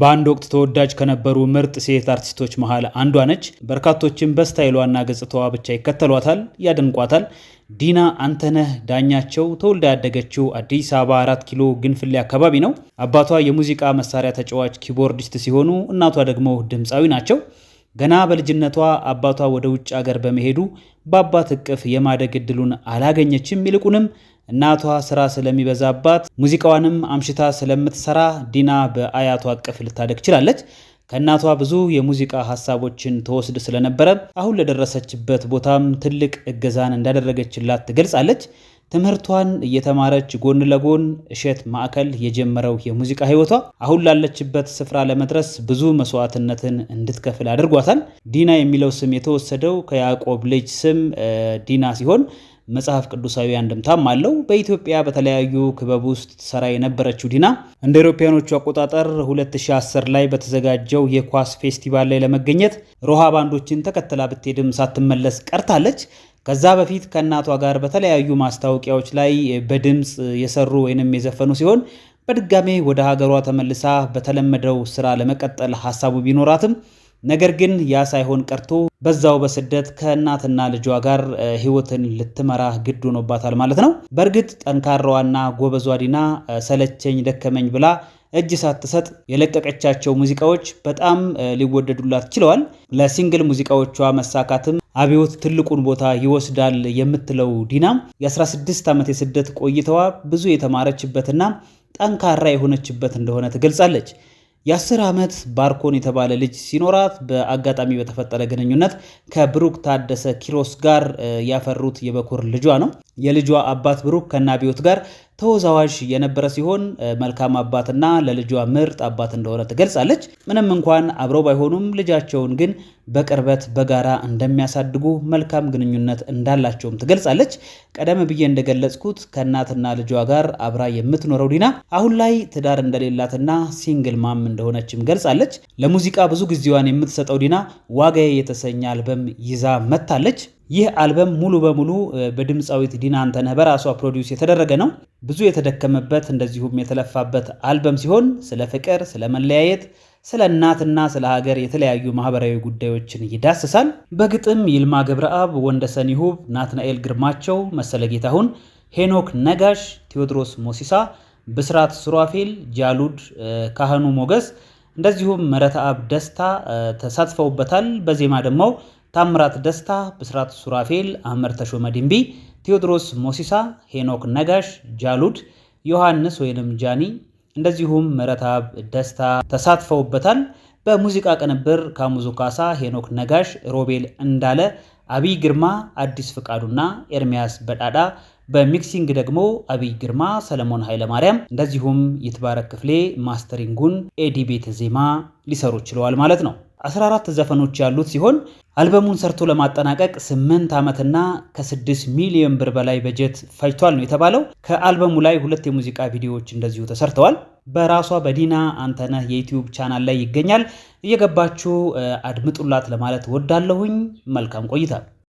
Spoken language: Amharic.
በአንድ ወቅት ተወዳጅ ከነበሩ ምርጥ ሴት አርቲስቶች መሃል አንዷ ነች። በርካቶችም በስታይሏና ገጽታዋ ብቻ ይከተሏታል፣ ያደንቋታል። ዲና አንተነህ ዳኛቸው ተወልዳ ያደገችው አዲስ አበባ አራት ኪሎ ግንፍሌ አካባቢ ነው። አባቷ የሙዚቃ መሳሪያ ተጫዋች ኪቦርዲስት ሲሆኑ እናቷ ደግሞ ድምፃዊ ናቸው። ገና በልጅነቷ አባቷ ወደ ውጭ አገር በመሄዱ በአባት እቅፍ የማደግ እድሉን አላገኘችም። ይልቁንም እናቷ ስራ ስለሚበዛባት ሙዚቃዋንም አምሽታ ስለምትሰራ ዲና በአያቷ እቅፍ ልታደግ ችላለች። ከእናቷ ብዙ የሙዚቃ ሀሳቦችን ተወስድ ስለነበረ አሁን ለደረሰችበት ቦታም ትልቅ እገዛን እንዳደረገችላት ትገልጻለች። ትምህርቷን እየተማረች ጎን ለጎን እሸት ማዕከል የጀመረው የሙዚቃ ህይወቷ አሁን ላለችበት ስፍራ ለመድረስ ብዙ መስዋዕትነትን እንድትከፍል አድርጓታል። ዲና የሚለው ስም የተወሰደው ከያዕቆብ ልጅ ስም ዲና ሲሆን መጽሐፍ ቅዱሳዊ አንድምታም አለው። በኢትዮጵያ በተለያዩ ክበብ ውስጥ ሰራ የነበረችው ዲና እንደ አውሮፓውያኖቹ አቆጣጠር 2010 ላይ በተዘጋጀው የኳስ ፌስቲቫል ላይ ለመገኘት ሮሃ ባንዶችን ተከትላ ብትሄድም ሳትመለስ ቀርታለች። ከዛ በፊት ከእናቷ ጋር በተለያዩ ማስታወቂያዎች ላይ በድምፅ የሰሩ ወይንም የዘፈኑ ሲሆን በድጋሜ ወደ ሀገሯ ተመልሳ በተለመደው ስራ ለመቀጠል ሀሳቡ ቢኖራትም ነገር ግን ያ ሳይሆን ቀርቶ በዛው በስደት ከእናትና ልጇ ጋር ህይወትን ልትመራ ግድ ሆኖባታል ማለት ነው። በእርግጥ ጠንካራዋና ጎበዟ ዲና ሰለቸኝ ደከመኝ ብላ እጅ ሳትሰጥ የለቀቀቻቸው ሙዚቃዎች በጣም ሊወደዱላት ችለዋል። ለሲንግል ሙዚቃዎቿ መሳካትም አብዮት ትልቁን ቦታ ይወስዳል የምትለው ዲና የ16 ዓመት የስደት ቆይታዋ ብዙ የተማረችበትና ጠንካራ የሆነችበት እንደሆነ ትገልጻለች። የአስር ዓመት ባርኮን የተባለ ልጅ ሲኖራት በአጋጣሚ በተፈጠረ ግንኙነት ከብሩክ ታደሰ ኪሮስ ጋር ያፈሩት የበኩር ልጇ ነው። የልጇ አባት ብሩክ ከነ አብዮት ጋር ተወዛዋዥ የነበረ ሲሆን መልካም አባትና ለልጇ ምርጥ አባት እንደሆነ ትገልጻለች። ምንም እንኳን አብረው ባይሆኑም ልጃቸውን ግን በቅርበት በጋራ እንደሚያሳድጉ መልካም ግንኙነት እንዳላቸውም ትገልጻለች። ቀደም ብዬ እንደገለጽኩት ከእናትና ልጇ ጋር አብራ የምትኖረው ዲና አሁን ላይ ትዳር እንደሌላትና ሲንግል ማም እንደሆነችም ገልጻለች። ለሙዚቃ ብዙ ጊዜዋን የምትሰጠው ዲና ዋጋዬ የተሰኘ አልበም ይዛ መጥታለች። ይህ አልበም ሙሉ በሙሉ በድምፃዊት ዲና አንተነህ በራሷ ፕሮዲውስ የተደረገ ነው። ብዙ የተደከመበት እንደዚሁም የተለፋበት አልበም ሲሆን ስለ ፍቅር፣ ስለ መለያየት፣ ስለ እናትና ስለ ሀገር የተለያዩ ማህበራዊ ጉዳዮችን ይዳስሳል። በግጥም ይልማ ገብረአብ፣ ወንደሰን ይሁብ፣ ናትናኤል ግርማቸው፣ መሰለ ጌታሁን፣ ሄኖክ ነጋሽ፣ ቴዎድሮስ ሞሲሳ፣ ብስራት ሱራፌል፣ ጃሉድ ካህኑ፣ ሞገስ እንደዚሁም መረተአብ ደስታ ተሳትፈውበታል። በዜማ ደግሞ ታምራት ደስታ፣ ብስራት ሱራፌል፣ አህመድ ተሾመ ድንቢ፣ ቴዎድሮስ ሞሲሳ፣ ሄኖክ ነጋሽ፣ ጃሉድ ዮሐንስ ወይንም ጃኒ እንደዚሁም መረታብ ደስታ ተሳትፈውበታል። በሙዚቃ ቅንብር ካሙዙ ካሳ፣ ሄኖክ ነጋሽ፣ ሮቤል እንዳለ፣ አብይ ግርማ፣ አዲስ ፍቃዱና ኤርሚያስ በጣዳ በሚክሲንግ ደግሞ አብይ ግርማ፣ ሰለሞን ኃይለማርያም እንደዚሁም ይትባረክ ክፍሌ ማስተሪንጉን ኤዲቤት ዜማ ሊሰሩ ችለዋል ማለት ነው። 14 ዘፈኖች ያሉት ሲሆን አልበሙን ሰርቶ ለማጠናቀቅ 8 ዓመትና ከ6 ሚሊዮን ብር በላይ በጀት ፈጅቷል ነው የተባለው። ከአልበሙ ላይ ሁለት የሙዚቃ ቪዲዮዎች እንደዚሁ ተሰርተዋል። በራሷ በዲና አንተነህ የዩቲዩብ ቻናል ላይ ይገኛል። እየገባችሁ አድምጡላት ለማለት ወዳለሁኝ። መልካም ቆይታ